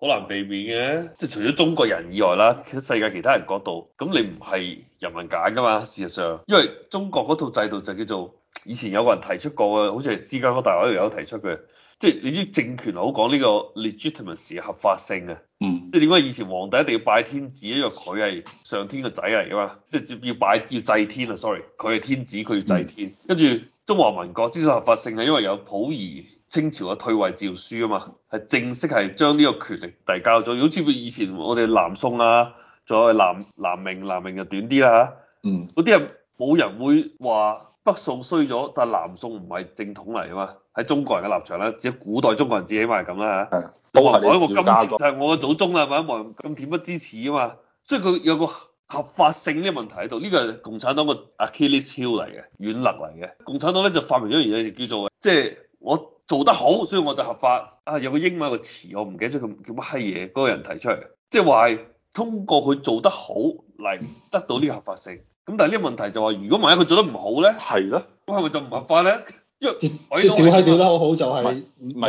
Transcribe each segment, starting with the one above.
好難避免嘅，即係除咗中國人以外啦，其實世界其他人角度，咁你唔係人民揀噶嘛？事實上，因為中國嗰套制度就叫做，以前有個人提出過嘅，好似係芝加哥大學有提出嘅，即係你知政權好講呢個 legitimacy 合法性啊。嗯，即係點解以前皇帝一定要拜天子，因為佢係上天個仔嚟噶嘛，即係要拜要祭天啊，sorry，佢係天子，佢要祭天，跟住，嗯，中華民國之所以合法性係因為有溥儀。清朝嘅退位詔書啊嘛，係正式係將呢個權力遞交咗，好似以前我哋南宋啊，仲有南南明，南明就短啲啦嚇。嗯，嗰啲人冇人會話北宋衰咗，但係南宋唔係正統嚟啊嘛，喺中國人嘅立場咧、啊，只有古代中國人、啊、自己咪係咁啦嚇。係，我我我今就係我嘅祖宗啦，係咪啊？冇咁點乜支持啊嘛，嗯、所以佢有個合法性呢個問題喺度，呢個係共產黨嘅 Achilles heel 嚟嘅，軟肋嚟嘅。共產黨咧就發明咗一樣嘢，叫做即係、就是、我。做得好，所以我就合法。啊，有個英文個詞，我唔記得咗叫叫乜閪嘢，嗰個人提出嚟，即係話通過佢做得好嚟得到呢個合法性。咁但係呢個問題就話，如果萬一佢做得唔好呢，係咯的，咁係咪就唔合法呢？的因為我屌閪屌得好好就係咪？唔係，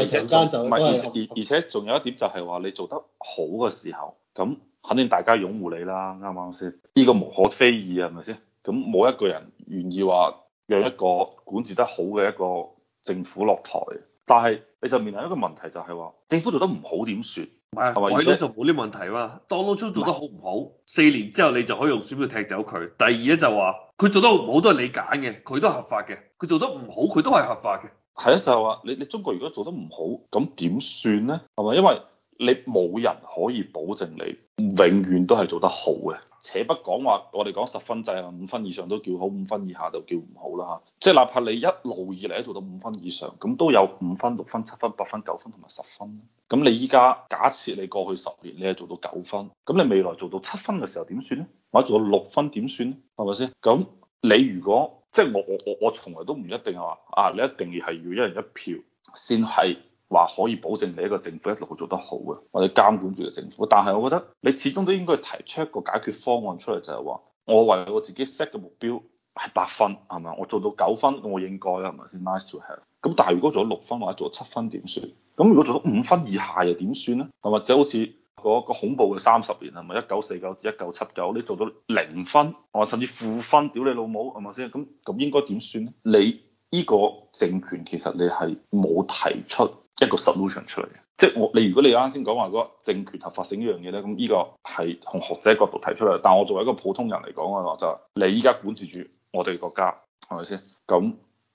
而且仲有一點就係話你做得好嘅時候，咁肯定大家擁護你啦。啱唔啱先？呢個無可非議係咪先？咁冇一個人願意話有一個管治得好嘅一個。政府落台，但係你就面臨一個問題就，就係話政府做得唔好點算？唔係、啊，第一就冇啲問題嘛，特朗普做得好唔好，四是年之後你就可以用選票踢走佢。第二咧就話、是、佢做得唔好都係你揀嘅，佢都合法嘅，佢做得唔好佢都係合法嘅。係啊，就話、是、你你中國如果做得唔好，咁點算呢？係咪？因為你冇人可以保證你永遠都係做得好嘅。且不講話，我哋講十分制啊，五分以上都叫好，五分以下就叫唔好啦嚇。即係哪怕你一路以嚟做到五分以上，咁都有五分、六分、七分、八分、九分同埋十分。咁你依家假設你過去十年你係做到九分，咁你未來做到七分嘅時候點算咧？或者做到六分點算咧？係咪先？咁你如果即係我我我我從來都唔一定話啊，你一定要係要一人一票先係。話可以保證你一個政府一路做得好嘅，或者監管住嘅政府，但係我覺得你始終都應該提出一個解決方案出嚟，就係話我為我自己 set 嘅目標係八分係嘛，我做到九分我應該啦係咪先？Nice to have。咁但係如果做到六分或者做到七分點算？咁如果做到五分以下又點算呢？或或者好似嗰個恐怖嘅三十年係咪？一九四九至一九七九你做到零分，甚至負分，屌你老母係咪先？咁咁應該點算呢？你？呢個政權其實你係冇提出一個 solution 出嚟嘅，即係我你如果你啱先講話嗰個政權合法性呢樣嘢咧，咁呢個係從學者角度提出嚟，但係我作為一個普通人嚟講嘅話就係，你依家管治住我哋國家係咪先？咁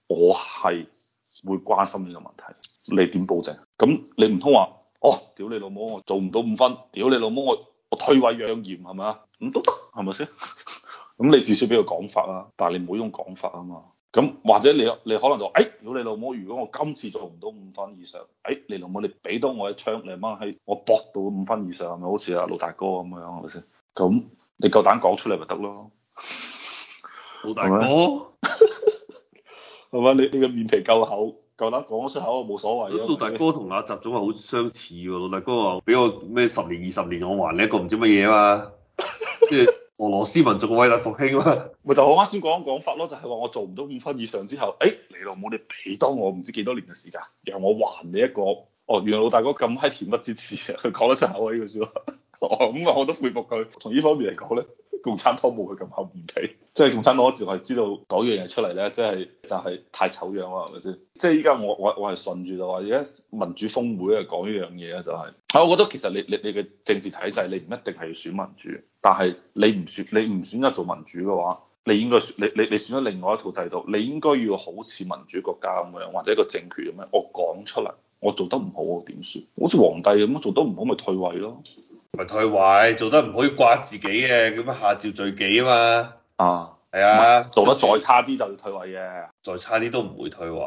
我係會關心呢個問題，你點保證？咁你唔通話哦，屌你老母，我做唔到五分，屌你老母，我我退位讓賢係咪啊？咁都得係咪先？咁 你至少俾個講法啦，但係你唔好用講法啊嘛。咁或者你你可能就，誒、哎，屌你老母！如果我今次做唔到五分以上，誒、哎，你老母你俾多我一槍你媽喺我搏到五分以上係咪好似阿老大哥咁樣係咪先？咁你夠膽講出嚟咪得咯，老大哥，係咪？你你個面皮夠厚，夠膽講出口啊，冇所謂。老大哥同阿習總係好相似喎，老大哥話俾我咩十年二十年，我還你一個唔知乜嘢啊，即係。俄羅斯民族嘅偉大復興啊 好！咪就我啱先講嘅講法咯，就係、是、話我做唔到五分以上之後，誒、欸，你老母你俾多我唔知幾多年嘅時間，然後我還你一個。哦，原來老大哥咁喺恬不知恥佢講得出口呢句說話！哦，咁我都佩服佢。從呢方面嚟講咧。共產黨冇佢咁厚面皮，即 係共產黨我淨係知道講樣嘢出嚟咧，即係就係、是、太醜樣啦，係咪先？即係依家我我我係順住就話，而家民主峯會啊講呢樣嘢啊，就係、是。我覺得其實你你你嘅政治體制你唔一定係要選民主，但係你唔選你唔選擇做民主嘅話，你應該選你你你選咗另外一套制度，你應該要好似民主國家咁樣，或者一個政權咁樣，我講出嚟，我做得唔好，我點算？好似皇帝咁樣做得唔好咪退位咯。唔係退位，做得唔可以刮自己嘅，咁樣下詔罪己啊嘛。啊，係啊，做得再差啲就要退位嘅。再差啲都唔會退位，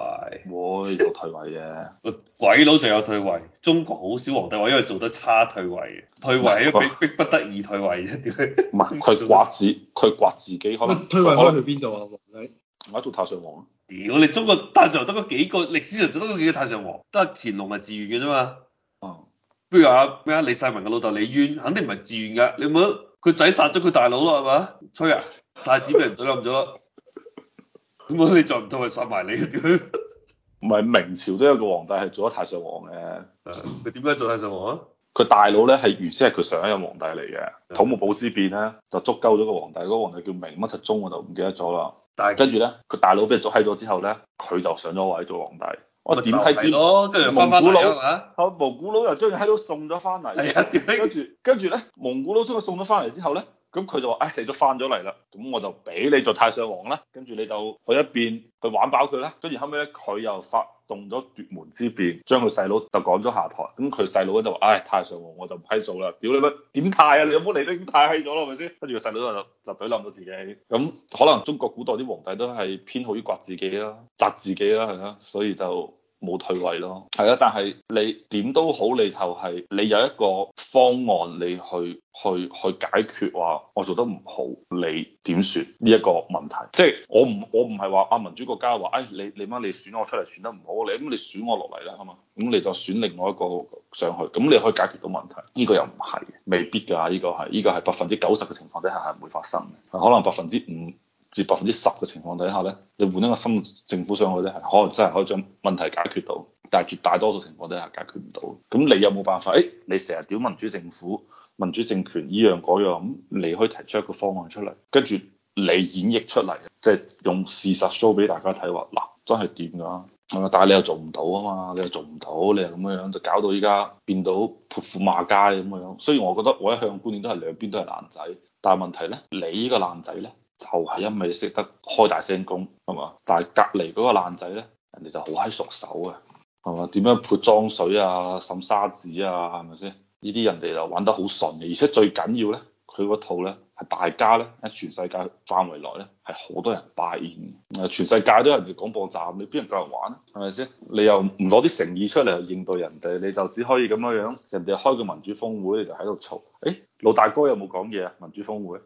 唔會做退位嘅？鬼佬就有退位，中國好少皇帝話因為做得差退位，退位逼不得已退位啫。唔係佢刮自，佢刮自己，刮自己可能。退位可，以去可能去邊度啊？皇帝？而家做太上皇。屌你中國太上得嗰幾個，歷史上就得嗰幾個太上皇，得乾隆係自願嘅啫嘛。不如阿咩啊？李世民嘅老豆李淵肯定唔係自願噶， 你冇佢仔殺咗佢大佬咯，係嘛？吹啊！太子俾人倒冧咗咁佢解你唔到佢殺埋你？唔係明朝都有個皇帝係做咗太上皇嘅，佢點解做太上皇啊？佢大佬咧係原先係佢上一任皇帝嚟嘅，土木堡之變咧就捉鳩咗個皇帝，嗰、嗰個皇帝叫明乜七宗我就唔記得咗啦。但係是跟住咧，佢大佬俾人捉閪咗之後咧，佢就上咗位做皇帝。我點係見咯？跟住蒙古佬啊嘛， 蒙古佬又將佢喺佬送咗翻嚟。跟住跟住咧，蒙古佬將佢送咗翻嚟之後咧，咁佢就話，唉、哎，你都翻咗嚟啦，咁我就俾你做太上皇啦。跟住你就去一邊去玩飽佢啦。跟住後尾咧，佢又發動咗奪門之變，將佢細佬就趕咗下台。咁佢細佬咧就話，唉、哎，太上皇我就唔閪做啦，屌你乜點太啊？你有冇嚟得點太閪咗咯，係咪先？跟住個細佬就就舉笠到自己。咁可能中國古代啲皇帝都係偏好於刮自己啦、砸自己啦，係啊，所以就。冇退位咯，係啊。但係你點都好，你頭係你有一個方案，你去去去解決話我做得唔好，你點算呢一個問題？即係我唔我唔係話啊民主國家話誒，你你媽你選我出嚟選得唔好，你咁你選我落嚟啦，係嘛？咁你就選另外一個上去，咁你可以解決到問題。呢個又唔係，未必㗎，呢個係呢個係百分之九十嘅情況底下係唔會發生嘅，可能百分之五。至百分之十嘅情況底下呢，你換一個新政府上去呢，係可能真係可以將問題解決到，但係絕大多數情況底下解決唔到。咁你有冇辦法？誒、哎，你成日屌民主政府、民主政權依樣嗰樣，咁你可以提出一個方案出嚟，跟住你演繹出嚟，即係用事實 show 俾大家睇，話嗱真係掂㗎？但係你又做唔到啊嘛，你又做唔到，你又咁樣樣就搞到依家變到潑婦罵街咁嘅樣。雖然我覺得我一向觀念都係兩邊都係爛仔，但係問題呢，你呢個爛仔呢。就係因為識得開大聲公，係嘛？但係隔離嗰個爛仔咧，人哋就好閪熟手嘅，係嘛？點樣潑裝水啊、滲沙子啊，係咪先？呢啲人哋就玩得好順嘅，而且最緊要咧，佢個套咧係大家咧喺全世界範圍內咧係好多人拜現嘅。全世界都人哋廣播站，你邊人夠人玩啊？係咪先？你又唔攞啲誠意出嚟應對人哋，你就只可以咁樣樣。人哋開個民主峰會，你就喺度嘈。誒、欸，老大哥有冇講嘢啊？民主峰會？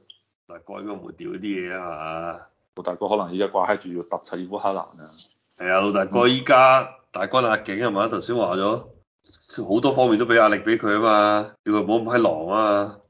大哥應該唔會屌啲嘢啊嘛，老大哥可能而家掛喺住要突齊烏克蘭啊，係啊，老大哥依家、嗯、大軍壓境啊嘛，頭先話咗好多方面都俾壓力俾佢啊嘛，叫佢唔好咁閪狼啊嘛。